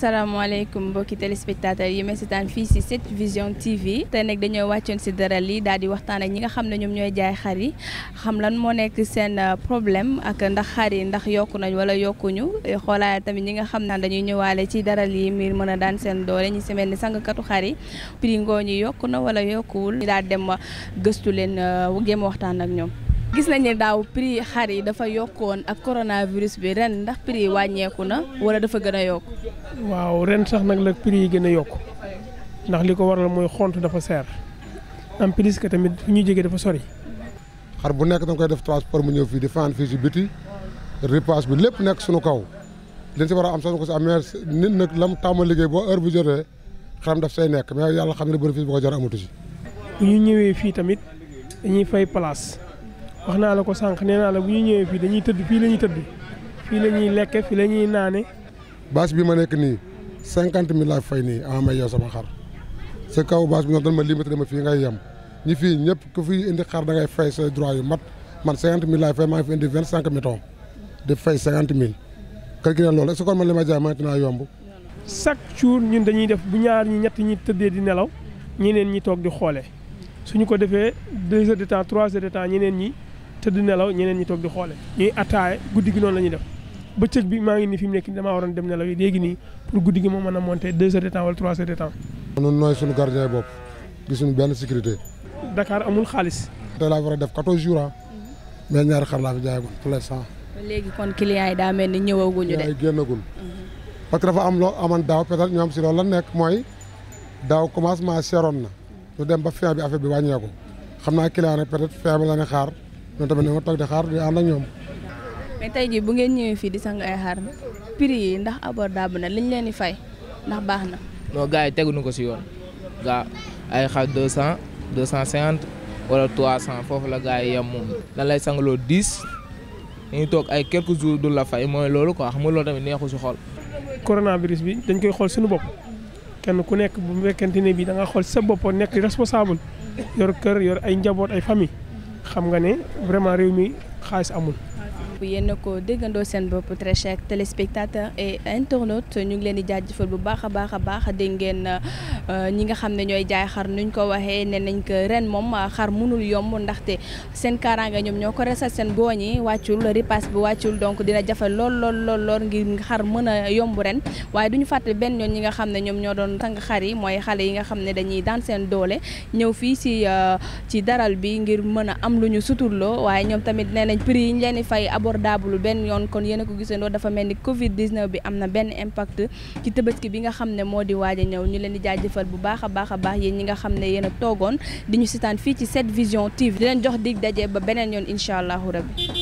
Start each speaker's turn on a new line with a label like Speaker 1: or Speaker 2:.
Speaker 1: salaamaaleykum mbokki téléspectateurs yi may seetaan fii si 7 vision TV te nag dañoo wàccoon si dara lii daal di waxtaan ak ñi nga xam ne ñoom ñooy jaay xar yi xam lan moo nekk seen euh, problème ak ndax xar yi ndax yokk nañu wala ñu xoolaale tamit ñi nga xam ne dañuy ñëwaale ci dara lii miir mën a daan seen doole ñi si ni sangkatu xar yi prix ngoo ñi yokku na wala yokkuwul ñu daal dem gëstu leen euh, géem waxtaan ak ñoom. gis nañ ne daaw prix xar yi dafa yokkoon ak coronavirus bi ren ndax prix wàññeeku na wala dafa gën a yokk
Speaker 2: waaw ren sax nag la prix yi gën a yokk ndax li ko waral mooy xont dafa seer am plus que tamit fu ñu jógee dafa sori
Speaker 3: xar bu nekk da koy def transport mu ñëw fii di fii biti repas bi lépp nekk suñu kaw dañ si war a am sax ko si amee nit nag lam tàmma liggéey boo heure bu jotee xaram daf say nekk mais yàlla xam ne bénéfice bu ko jar amatu si
Speaker 2: ñu ñëwee fii tamit dañuy fay place wax naa la ko sànq nee naa la bu ñu ñëwee fii dañuy tëdd fii la ñuy tëdd fii la ñuy lekke fii la ñuy naane.
Speaker 3: bâche bi ma nekk nii cinquante mil laa fay nii ama may yow sama xar sa kaw bâche bi nag dañ ma limité dama fii ngay yem ñi fii ñëpp ku fi indi xar da fay say droit yu mat man cinquante mille laay fay maa ngi fi indi vingt cinq mettons fay cinquante mille kër gi ne loolu est-ce que kon man li ma jaay mënati naa yomb.
Speaker 2: chaque jour ñun dañuy def bu ñaar ñi ñett ñi di nelaw ñeneen ñi toog di xoolee suñu ko defee de temps trois heures ñeneen ñi. tëdd nelaw ñeneen ñi toog di xoole ñuy attaaye guddi gi noonu la ñuy def bëccëg bi maa ngi nii fi mu nekk nii damaa waroon dem nelaw yi léegi nii pour guddi gi moo mën a monter deux heures de temps wala trois heures de temps.
Speaker 3: ñun nooy suñu gardien bopp gisuñu benn sécurité. Dakar amul xaalis. tey laa war def quatorze jours ah. ñaari xar laa fi jaayagoon pour l'instant.
Speaker 1: ba léegi kon client yi daa mel ni ñëwaguñu de. client
Speaker 3: yi génnagul. Mhm. parce que dafa am loo aman daaw peut-être ñoom si loolu la nekk mooy daaw commencement seeroon na ñu dem ba fin bi affaire bi wàññeeku xam naa client nag peut xaar ñoom tamit na toog xaar di ànd
Speaker 1: ak tey jii bu ngeen ñëwee fii di sang ay xaar prix yi ndax abordable na liñ leen di fay ndax baax na.
Speaker 2: gars yi teguñu ko si yoon gaa ay xar deux cent deux cent cinquante wala trois cent foofu la gars yi yem moom. lan lay sangaloo dix dañuy toog ay quelques jours du la fay mooy loolu quoi xam nga loolu tamit neexu si xol. coronavirus bi dañ koy xool suñu bopp kenn ku nekk bu fekkente ne bii da nga xool sa bopp nekk responsable yor kër yor ay njaboot ay famille. xam nga ne vraiment réew mi xaalis amul
Speaker 1: yëpp yéen a ko déggandoo seen bopp très chers téléspectateurs et internautes ñu ngi leen di jaajëfal bu baax a baax a baax dégg ngeen ñi nga xam ne ñooy jaay xar nuñ ko waxee ne nañ ko ren moom xar mënul yomb ndaxte seen kaaraange ñoom ñoo ko resal seen gooñ yi wàccul ripaas bi wàccul donc dina jafe lool lool lool lool ngir xar mën a yomb ren waaye du ñu fàtte benn ñoon ñi nga xam ne ñoom ñoo doon sang xar yi mooy xale yi nga xam ne dañuy daan seen doole ñëw fii ci ci daral bi ngir mën a am lu ñu suturloo waaye ñoom tamit nee nañ prix yi ñu leen fay abo abordable benn yoon kon yéen a ko gisandoo dafa mel ni Covid 19 bi am na benn impact ci tabaski bi nga xam ne moo di waaja a ñëw ñu leen di jaajëfal bu baax a baax a baax yéen ñi nga xam ne yéen a toogoon di ñu sitaan fii ci 7 Vision TV di leen jox dig daje ba beneen yoon incha allahu rabbi